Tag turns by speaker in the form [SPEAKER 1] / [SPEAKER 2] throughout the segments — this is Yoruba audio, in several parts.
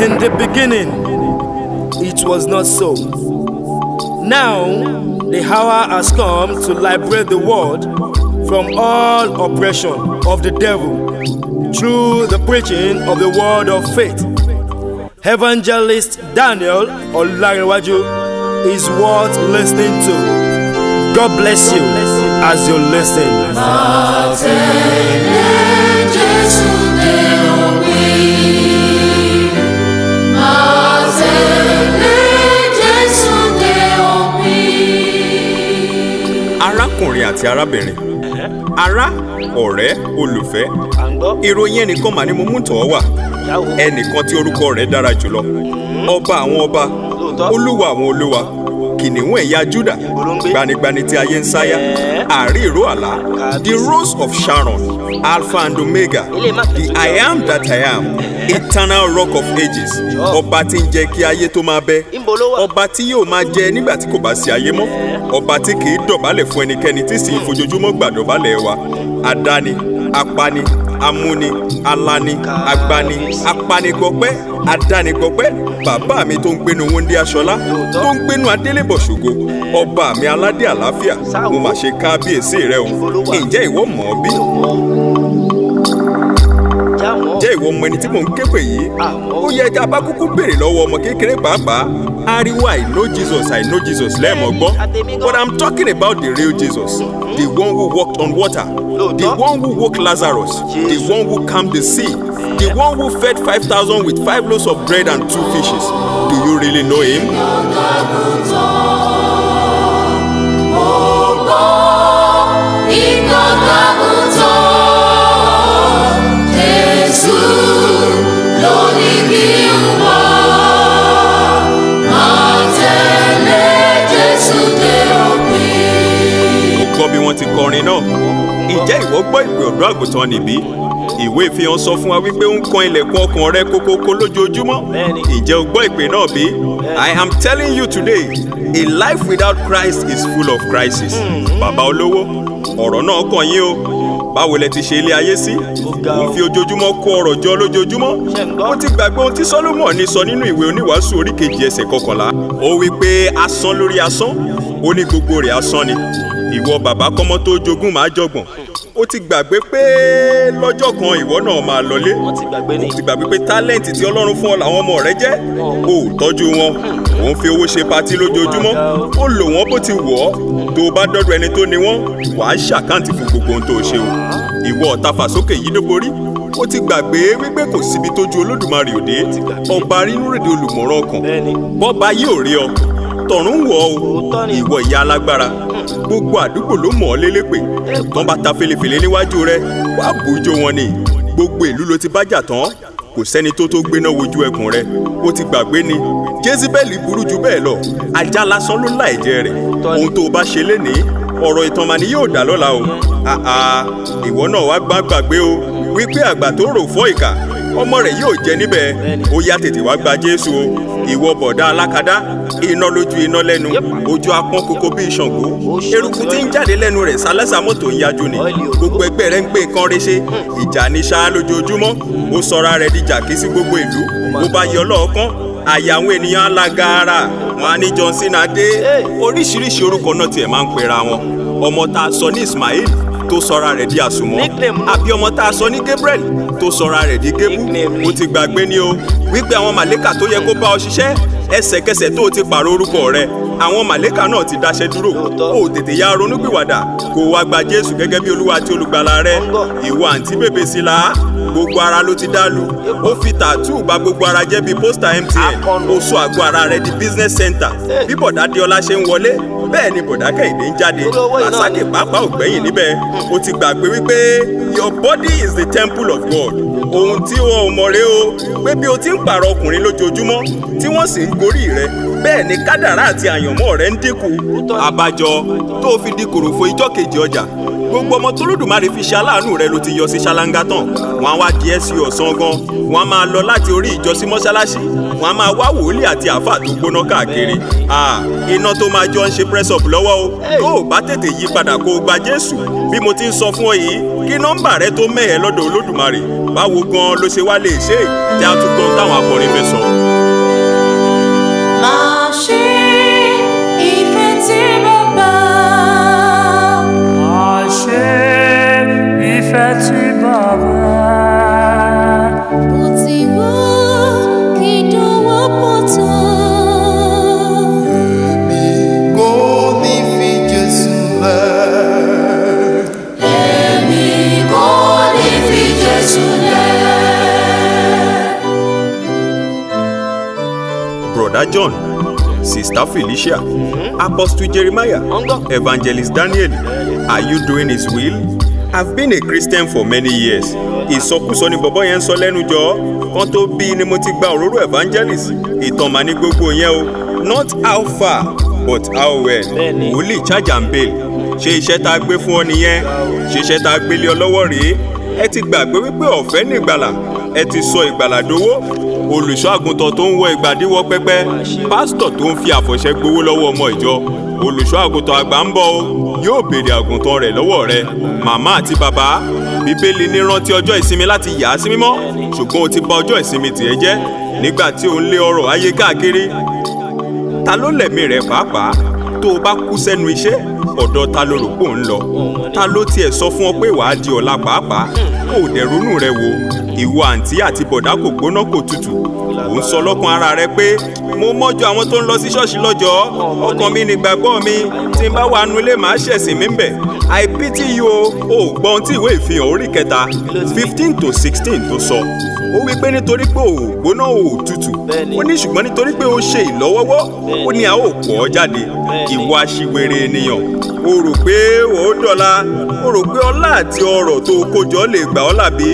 [SPEAKER 1] In the beginning, it was not so. Now, the hour has come to liberate the world from all oppression of the devil through the preaching of the word of faith. Evangelist Daniel Olanrewaju is worth listening to. God bless you as you listen. àti arábìnrin ará ọ̀rẹ́ olùfẹ́ ìròyìn ẹnìkan mà ni mo mú tọ̀ ọ́ wà ẹnìkan tí orúkọ rẹ̀ dára jùlọ ọba àwọn ọba olúwa àwọn olúwa kìnìún ẹ̀yà Júdà gbanigbani tí ayé ń sáyà àlá the rose of Sharon alpha and omega the I am that I am eternal rock of ages ọba tí ń jẹ́ kí ayé tó máa bẹ ọba tí yóò máa jẹ nígbà tí kò bá sí ayé mọ́ ọba tí kì í dọ̀bálẹ̀ fún ẹnikẹ́ni tí sì ń fojoojúmọ́ gbàdọ̀bálẹ̀ wa àdáni apani amúni alani agbani apanigbọpẹ́ adánigbọpẹ́ bàbá mi tó ń gbénu wọndé aṣọlá tó ń gbénu adélébọ̀ ṣògo ọba mi aládé àlàáfíà mo mà ṣe kábíyèsí rẹ o ǹjẹ́ ìwọ mọ̀ ọ́ bí ǹjẹ́ ìwọ ọmọ ẹni tí mò ń ké pè yìí ó yẹ ká bá kúkú béèrè lọ́wọ́ ọmọ kékeré pàápàá ariwo I know Jesus I know Jesus lẹ́ẹ̀mọ́ gbọ́ but I'm talking about the real Jesus the one who walked on water the one who woke Lazarus the one who calmed the sea the one who fed five thousand with five loaves of bread and two fishes do you really know him. Ìgbàgbọ́. wọ́n ti kọrin náà ìjẹ́ ìwọ gbọ́ ìpè ọ̀dọ́ àgùntàn níbí ìwé ìfihàn sọ fún wa wípé ó ń kan ilẹ̀kùn ọkàn rẹ kókókó lójoojúmọ́ ìjẹ́ o gbọ́ ìpè náà bí I am telling you today a life without Christ is full of crisis Baba olówó ọ̀rọ̀ náà kàn yín o báwo lẹ ti ṣe ilé ayé sí òun fi ojoojúmọ́ kó ọrọ̀ jọ lójoojúmọ́ ó ti gbàgbé ohun tí Sólómọ́nì sọ nínú ìwé oníwàásù oríkejì ẹsẹ̀ kọkànlá ó wí pé asán lórí asán ó ní gbogbo rẹ̀ asán ni ìwọ bàbá kọ́mọ́ tó jogún máa jọ̀gbọ̀n ó ti gbàgbé pé lọ́jọ́ kan ìwọ náà máa lọlé ó ti gbàgbé ni ó ti gbàgbé pé tálẹ́ǹtì tí ọlọ́run fún ọ làwọn ọmọ rẹ jẹ́ ó hmm. tọ́jú wọn ó hmm. ń fi owó ṣe patí lójoojúmọ́ ó lò wọ́n bó ti wọ̀ ọ́ hmm. tó o bá dọ́dọ̀ ẹni tó ni wọ́n wàá ṣàkáǹtì fún gbogbo ohun tó o ṣe o ìwọ ọ̀tafàsókè yìí ló borí ó ti gbàgbé wípé kò síbi tójú olódùmarè òde ọba rínú rèdè olùmọ̀ràn ọkàn bọ́ba yìí ò rí ọ tọ̀run wọ̀ o ìwọ ìyá alágbára gbogbo àdúgbò ló mọ̀ ọ́ lélépè tán bá ta felefèlé níwájú rẹ wàá bójú wọn ni gbogbo ìlú ló ti bájà tán kò sẹ́ni tó tó gbéná wojú ẹkùn rẹ ó ti gbàgbé ni jésíbẹ́ẹ̀lì burú jù bẹ́ẹ̀ lọ ajá lásán ló lá ẹ̀jẹ̀ rẹ̀ ohun tó o bá ṣe lénìí ọ̀rọ̀ ìtàn màní yóò dà lọ́la o ìwọ náà wàá gbàgbé o wípé àgbà tó rò fọ́ ìkà ọmọ rẹ̀ yóò jẹ níbẹ̀ ó yá tètè wá gba jésù o ìwọ bọ̀dá alákadá iná lójú iná lẹ́nu ojú apọ́n koko bíi ṣàngó eruku tí ń jáde lẹ́nu rẹ̀ sálẹ́sà mọ́tò yájú ni gbogbo ẹgbẹ́ rẹ̀ ń gbé nǹkan rí ṣe ìjà ní ṣáá lójoojúmọ́ ó sọra rẹ̀ di jàkí sí gbogbo ìlú bó bá yọ lọ́ọ̀kan àyà àwọn ènìyàn alágara wọn á ní John Cena oríṣiríṣi orúkọ náà tiẹ̀ máa ń pera wọn ọmọ tá sọ ní Ismail tó sọra rẹ̀ di àsùnmọ́ àbí ọmọ tá a sọ ní Gabriel tó sọra rẹ̀ di gébú o ti gbàgbé ni o wípé àwọn màlẹ́kà tó yẹ kó bá ọ ṣiṣẹ́ ẹsẹ̀kẹsẹ̀ tó o ti pààrọ̀ orúkọ rẹ̀ àwọn màlẹ́kà náà ti daṣẹ́ dúró o tètè ya ronúpìwàdà kó o wá gba Jésù gẹ́gẹ́ bí Olúwa àti Olùgbàlà rẹ ìwọ àǹtí bèbè sí la gbogbo ara ló ti dá lu ó fi tààtù bà gbogbo ara jẹ́ bíi pósítà MTN ó sọ àgọ́ ara rẹ di business center bí bọ̀dá Adéọlá ṣe ń wọlé bẹ́ẹ̀ ni bọ̀dá kẹ́hìndé ń jáde àsáké pàápàá ò níbẹ̀ o ti gbàgbé wípé your body is the temple of God ohun tí wọn ò mọ̀ rẹ o pé bí o ti ń pààrọ̀ ọkùnrin lójoojúmọ́ tí wọ́n sì ń gorí rẹ bẹ́ẹ̀ ni kádàrá àti àyànmọ́ rẹ ń dínkù àbájọ tó fi di kòròfo ijọ́ kejì ọjà gbogbo ọmọ tólódùmarè fi ṣe aláàánú rẹ ló ti yọ sí ṣáláńgá tán wọn á wá di ẹsì ọ̀sán gan wọn á máa lọ láti orí ìjọ sí mọ́ṣáláṣí wọn á máa wá wòlíì àti àáfà tó gbóná káàkiri iná tó máa jọ ń ṣe press up lọ́wọ́ o tó o bá tètè yí padà kó o gba jésù bí mo ti ń sọ fún ọ yìí kí nọ́mbà rẹ tó mẹ́hẹ̀ lọ́dọ̀ olódùmarè báwo gan ló ṣe wá lè ṣe é jẹ́ àtúgbọ́n táwọn akọrin fẹ́ sọ. máa ṣe é. Brother John Sister Felicia mm-hmm. apostle Jeremiah evangelist Daniel are you doing his will? I've been a Christian for many years. Ìsọkúsọ ni bọ̀bọ́ yẹn ń sọ lẹ́nu jọ. Kan tó bí ni mo ti gba òróró evangelist. Ìtàn màá ní gbogbo yẹn o. Not how far but how well. Wòlíì charge and bail. Ṣé iṣẹ́ tá a gbé fún ọ nìyẹn? Ṣé iṣẹ́ tá a gbélé ọ lọ́wọ́ rèé? Ẹ ti gbàgbé wípé ọ̀fẹ́ ni ìgbàlà. Ẹ ti sọ ìgbàlà dowó olùṣọ́ àgùntàn tó ń wọ ìgbàdíwọ́ pẹ́pẹ́ pásítọ̀ tó ń fi àfọ̀ṣẹ gbowó lọ́wọ́ ọmọ ìjọ olùṣọ́ àgùntàn àgbà ń bọ̀ o yóò béèrè àgùntàn rẹ̀ lọ́wọ́ rẹ màmá àti bàbá bíbélì ní rántí ọjọ́ ìsinmi láti yà á sí mímọ́ ṣùgbọ́n o ti bà ọjọ́ ìsinmi tìẹ jẹ́ nígbà tí o ń lé ọrọ̀ ayé káàkiri ta ló lẹ̀mí rẹ̀ pàápàá tó o bá kú sẹ́nu iṣẹ́ ọ̀dọ̀ ta ló rò pò ń lọ ta ló tiẹ̀ sọ fún ọ pé wàá di ọ̀la pàápàá kò dẹ̀ ronú rẹ wò ìwọ àǹtí àti bọ̀dá kò gbóná kò tutù ò ń sọ lọ́kàn ara rẹ pé mo mọ́jọ àwọn tó ń lọ sí ṣọ́ọ̀ṣì lọ́jọ́ ọkàn mi nígbàgbọ́ mi tí n bá wà nú ilé màá ṣẹ̀sìn mi ń bẹ̀ I pity you o gbọ́ ohun tí ìwé ìfihàn orí kẹta fifteen to sixteen tó sọ ó wí pé nítorí pé ò gbóná ò tutù ó ní ṣùgbọ́n nítorí pé ó ṣe ìlọ́wọ́wọ́ ó ní a ó pọ̀ ọ́ jáde ìwọ aṣiwèrè ènìyàn o rò pé o dọ̀la o rò pé ọlá àti ọrọ̀ tó o lè gbà ọ́ làbí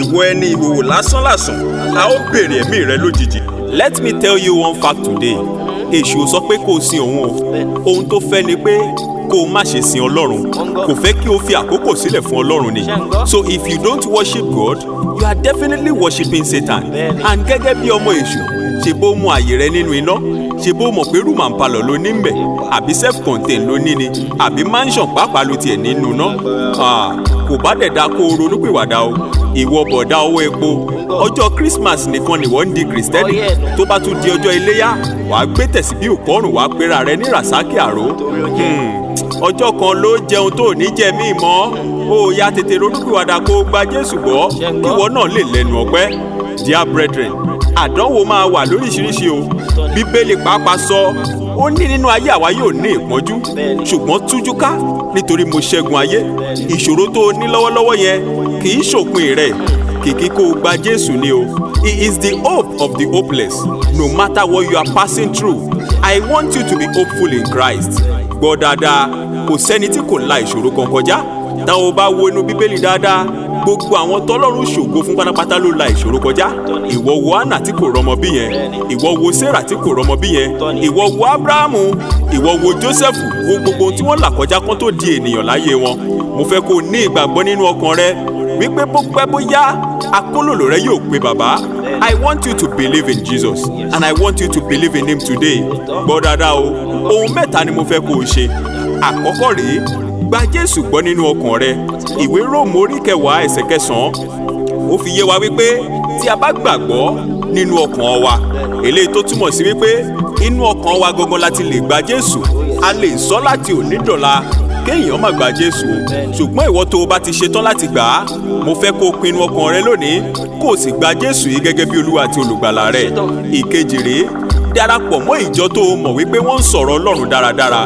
[SPEAKER 1] ìwọ ẹni ìwòwò lásánlàsàn a ó bèrè ẹ̀mí rẹ lójijì. let me tell you one fact today èṣù sọ pé kò sin òun o ohun tó fẹ́ ni pé kó o má ṣe sin ọlọ́run kò fẹ́ kí o fi àkókò sílẹ̀ fún ọlọ́run ni so if you don't worship God you are definitely worshiping Satan and gẹ́gẹ́ bí ọmọ èṣù ṣe bó mú àyè rẹ nínú iná ṣe bó mọ̀ pé rúmà ń palọ̀ ló ní mbẹ̀ àbí self contained ló ní ni àbí mansion pàápàá ló tiẹ̀ nínú náà kò bá dẹ̀ da kó o ronúpìwàdà o ìwọ bọ̀dá owó epo ọjọ́ Christmas nìkan nìwọ ń di kristẹni tó bá tún di ọjọ́ iléyá wàá gbé tẹ̀sí bí òkọ́rùn wàá pera rẹ ní rasaki àró hmm. ọjọ́ kan ló jẹun tó ní jẹ mí mọ́ ó yá tètè ronúpìwàdà kó gba Jésù gbọ́ kíwọ náà lè lẹ́nu ọpẹ́ dear brethren àdánwò máa wà lóríṣiríṣi o bíbélì pàápàá sọ ó ní nínú ayé àwa yóò ní ìpọ́njú ṣùgbọ́n tújú ká nítorí mo ṣẹ́gun ayé ìṣòro tó o ní lọ́wọ́lọ́wọ́ yẹn kì í ṣòpin rẹ̀ kìkì kó o gba Jésù ni o He is the hope of the hopeless no matter what you are passing through I want you to be hopeful in Christ gbọ́ dáadáa kò sẹ́ni tí kò la ìṣòro kan kọjá tá o bá wo inú bíbélì dáadáa gbogbo àwọn tọ́lọ́run ṣògo fún pátápátá ló la ìṣòro kọjá ìwọ wo anna tí kò rọmọ bí yẹn ìwọ wo sarah tí kò rọmọ bí yẹn ìwọ wo abrahamu ìwọ wo joseph wo gbogbo tí wọ́n là kọjá kán tó di ènìyàn láyé wọn mo fẹ́ kó o ní ìgbàgbọ́ nínú ọkàn rẹ wípé bó pẹ́ bó yá akólòlò rẹ yóò pe bàbá I want you to believe in Jesus and I want you to believe in him today. Gbọ́ dáadáa o, ohun mẹ́ta ni mo fẹ́ kó o ṣe. Àkọ́kọ́ rèé, gba jésù gbọ́ nínú ọkàn rẹ ìwé róòmù orí kẹwàá kẹsàn-án ó fi yé wa wípé tí a bá gbàgbọ́ nínú ọkàn wa eléyìí tó túmọ̀ sí wípé inú ọkàn wa gangan la ti lè gba jésù a lè sọ láti òní dọ̀la kéèyàn má gba jésù ṣùgbọ́n ìwọ tó o bá ti ṣetán láti gbà á mo fẹ́ kó o pinnu ọkàn rẹ lónìí kó o sì gba jésù yìí gẹ́gẹ́ bí olúwa àti olùgbàlà rẹ ìkejì rèé darapọ̀ mọ́ ìjọ tó o mọ̀ wípé wọ́n ń sọ̀rọ̀ ọlọ́run dáradára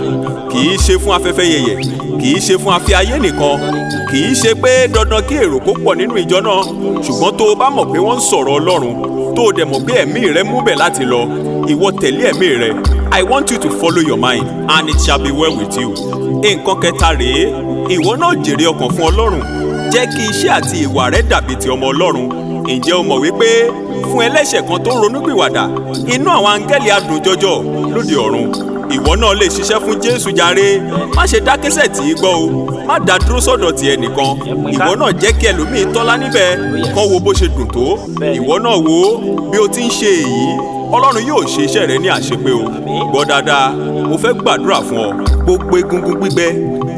[SPEAKER 1] kì í ṣe fún afẹ́fẹ́ yẹ̀yẹ̀ kì í ṣe fún afẹ́ ayé nìkan kì í ṣe pé dandan kí èrò kó pọ̀ nínú ìjọ náà ṣùgbọ́n tó o bá mọ̀ pé wọ́n ń sọ̀rọ̀ ọlọ́run tó o dẹ̀ mọ̀ pé ẹ̀mí rẹ mú bẹ̀ láti lọ ìwọ tẹ̀lé ẹ̀mí rẹ I want you to follow your mind and it shall be well with you. nǹkan kẹta rèé ìwọ náà jèrè ọkàn fún ọlọ́run jẹ́ kí iṣẹ́ àti ìwà rẹ dàbí ti ọmọ ọlọ́run ǹjẹ́ o mọ̀ wípé fún ẹlẹ́ṣẹ̀ kan tó ń ronúpìwàdà inú àwọn áńgẹ́lì adùn jọjọ lóde ọ̀run ìwọ náà lè ṣiṣẹ́ fún jésù jàre má ṣe dákẹ́sẹ̀ tì í gbọ́ o má dá dúró sọ́dọ̀ tiẹ̀ nìkan ìwọ náà jẹ́ kí ẹlòmíín tọ́lá níbẹ̀ kán wo bó ṣe dùn tó ìwọ náà wo bí o ti ń ṣe èyí ọlọ́run yóò ṣe iṣẹ́ rẹ ní àṣepé o gbọ́ dáadáa mo fẹ́ gbàdúrà fún ọ gbogbo egungun gbígbẹ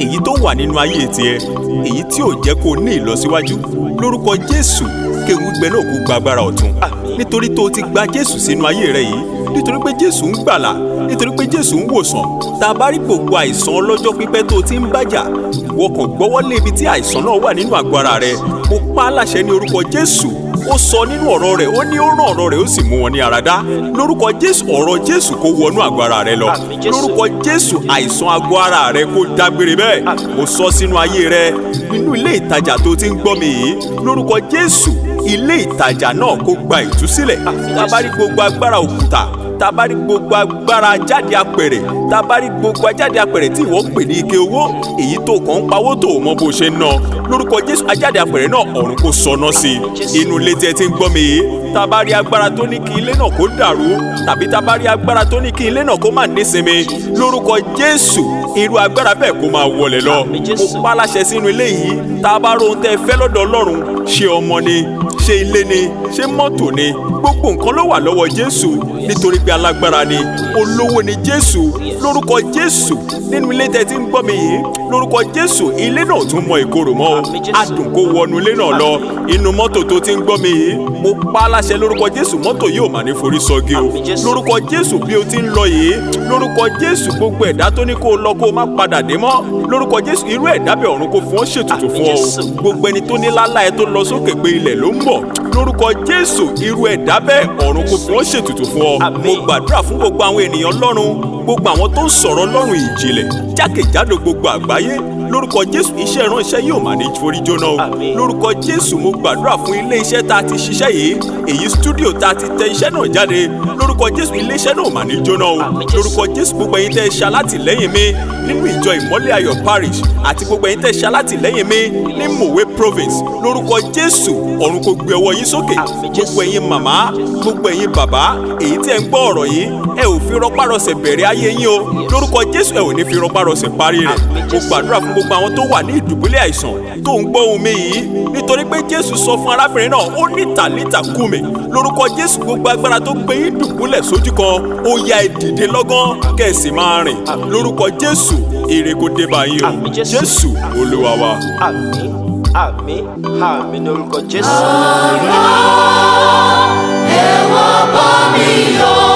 [SPEAKER 1] èyí tó wà nínú ayé tiẹ èyí tí ò jẹ́ kó o ní ìlọsíwájú lórúkọ jésù kéwù gbẹ náà kó gba agbára ọ̀tun nítorí tó o ti gba jésù sínú ayé rẹ yìí nítorí pé jésù ń gbàlà nítorí pé jésù ń wòsàn tá a bá rí gbogbo àìsàn ọlọ́jọ́ pípẹ́ tó o ti ń bájà wọkàn gbọ́wọ́ lé ibi tí àìsàn náà wà nínú àgọ́ ara rẹ mo pa á láṣẹ ní orúkọ jésù ó sọ nínú ọ̀rọ̀ rẹ̀ ó ní ó rán ọ̀rọ̀ rẹ̀ ó sì mú wọn ní ara dá lórúkọ jésù ọ̀rọ̀ jésù kó wọnú àgọ́ ara rẹ lọ lórúkọ jésù àìsàn àgọ́ ara rẹ kó dágbére bẹ́ẹ̀ mo sọ sínú ayé rẹ nínú ilé ìtajà tó ti ń gbọ́ mi yìí lórúkọ jésù ilé ìtajà náà kó gba ìtúsílẹ̀ tábàárí gbogbo agbára òkúta tabari gbogbo agbára jáde apẹ̀rẹ̀ tabari gbogbo ajáde apẹ̀rẹ̀ tí ìwọ pè ní ike owó èyí tó kàn ń pawó tó mọ bó ṣe ń ná lórúkọ jésù ajáde apẹ̀rẹ̀ náà ọ̀run kò sọnà sí i inú ilé tí ẹ ti ń gbọ́ mi yìí tabari agbára tó ní kí ilé náà kó dàrú tàbí tabari agbára tó ní kí ilé náà kó má nísinmi lórúkọ jésù irú agbára bẹ́ẹ̀ kó máa wọlé lọ mo pa láṣẹ sínú ilé yìí tabarò ń tẹ fẹ́ lọ́dọ̀ ọlọ́run ṣe ọmọ ni ṣé ilé ni ṣé mọ́tò ni gbogbo nǹkan ló wà lọ́wọ́ Jésù nítorí pé alágbára ni olówó ni Jésù lórúkọ jésù nínú ilé tẹ ti ń gbọ́ mi yìí lórúkọ jésù ilé náà tún mọ ìkorò mọ́ o adùn kó wọnú ilé náà lọ inú mọ́tò tó ti ń gbọ́ mi yìí mo pa á láṣẹ lórúkọ jésù mọ́tò yóò mà ní forí sọgi o lórúkọ jésù bí o ti ń lọ yìí lórúkọ jésù gbogbo ẹ̀dá tó ní kó o lọ kó o má padà dé mọ́ lórúkọ jésù irú ẹ̀dá bẹ̀ ọ̀run kó fún ọ ṣètùtù fún ọ o gbogbo ẹni tó ní lálá lórúkọ jésù irú ẹ̀dá bẹ́ẹ̀ ọ̀run kò fún ọ ṣètùtù fún ọ. mo gbàdúrà fún gbogbo àwọn ènìyàn lọ́run gbogbo àwọn tó ń sọ̀rọ̀ lọ́run ìjìnlẹ̀ jákèjádò gbogbo àgbáyé lórúkọ jésù iṣẹ́ ìránṣẹ́ yóò máa ní forí jóná o lórúkọ jésù mo gbàdúrà fún ilé iṣẹ́ tá a ti ṣiṣẹ́ yìí èyí stúdíò tá a ti tẹ iṣẹ́ náà jáde lórúkọ jésù ilé iṣẹ́ náà máa ní jóná o lórúkọ jésù gbogbo ẹ̀yin tẹ́ ẹ ṣe alátìlẹ́yìn mi nínú ìjọ ìmọ́lẹ̀ ayọ̀ parish àti gbogbo ẹ̀yin tẹ́ ẹ ṣe alátìlẹ́yìn mi ní mòwe province lórúkọ jésù ọ̀run kò gbé ọwọ́ yín sókè gbogbo ẹ̀yin màmá gbogbo ẹ̀yin bàbá èyí tí ẹ ń gbọ́ ọ̀rọ̀ yìí ẹ ò fi rọpárọsẹ̀ bẹ̀rẹ̀ ayé yín o lórúkọ jésù ẹ ò ní fi rọpárọsẹ̀ parí gbogbo gbogbo àwọn tó wà ní ìdùbúlẹ̀ àìsàn tó ń gbọ́ ohùn yìí nítorí pé Jésù sọ fún arábìnrin náà ó ní tàlítà kùmí lórúkọ Jésù gbogbo agbára tó gbé yín sójú kan ó ya ìdìde lọ́gán kẹ̀sì máa rìn lórúkọ Jésù èrè kò dé bá o Jésù Olúwa wa. àmín àmín àmín ní orúkọ Jésù. ọ̀rọ̀ ẹ̀wọ̀n bọ́ mi yọ.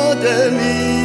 [SPEAKER 1] 我的名。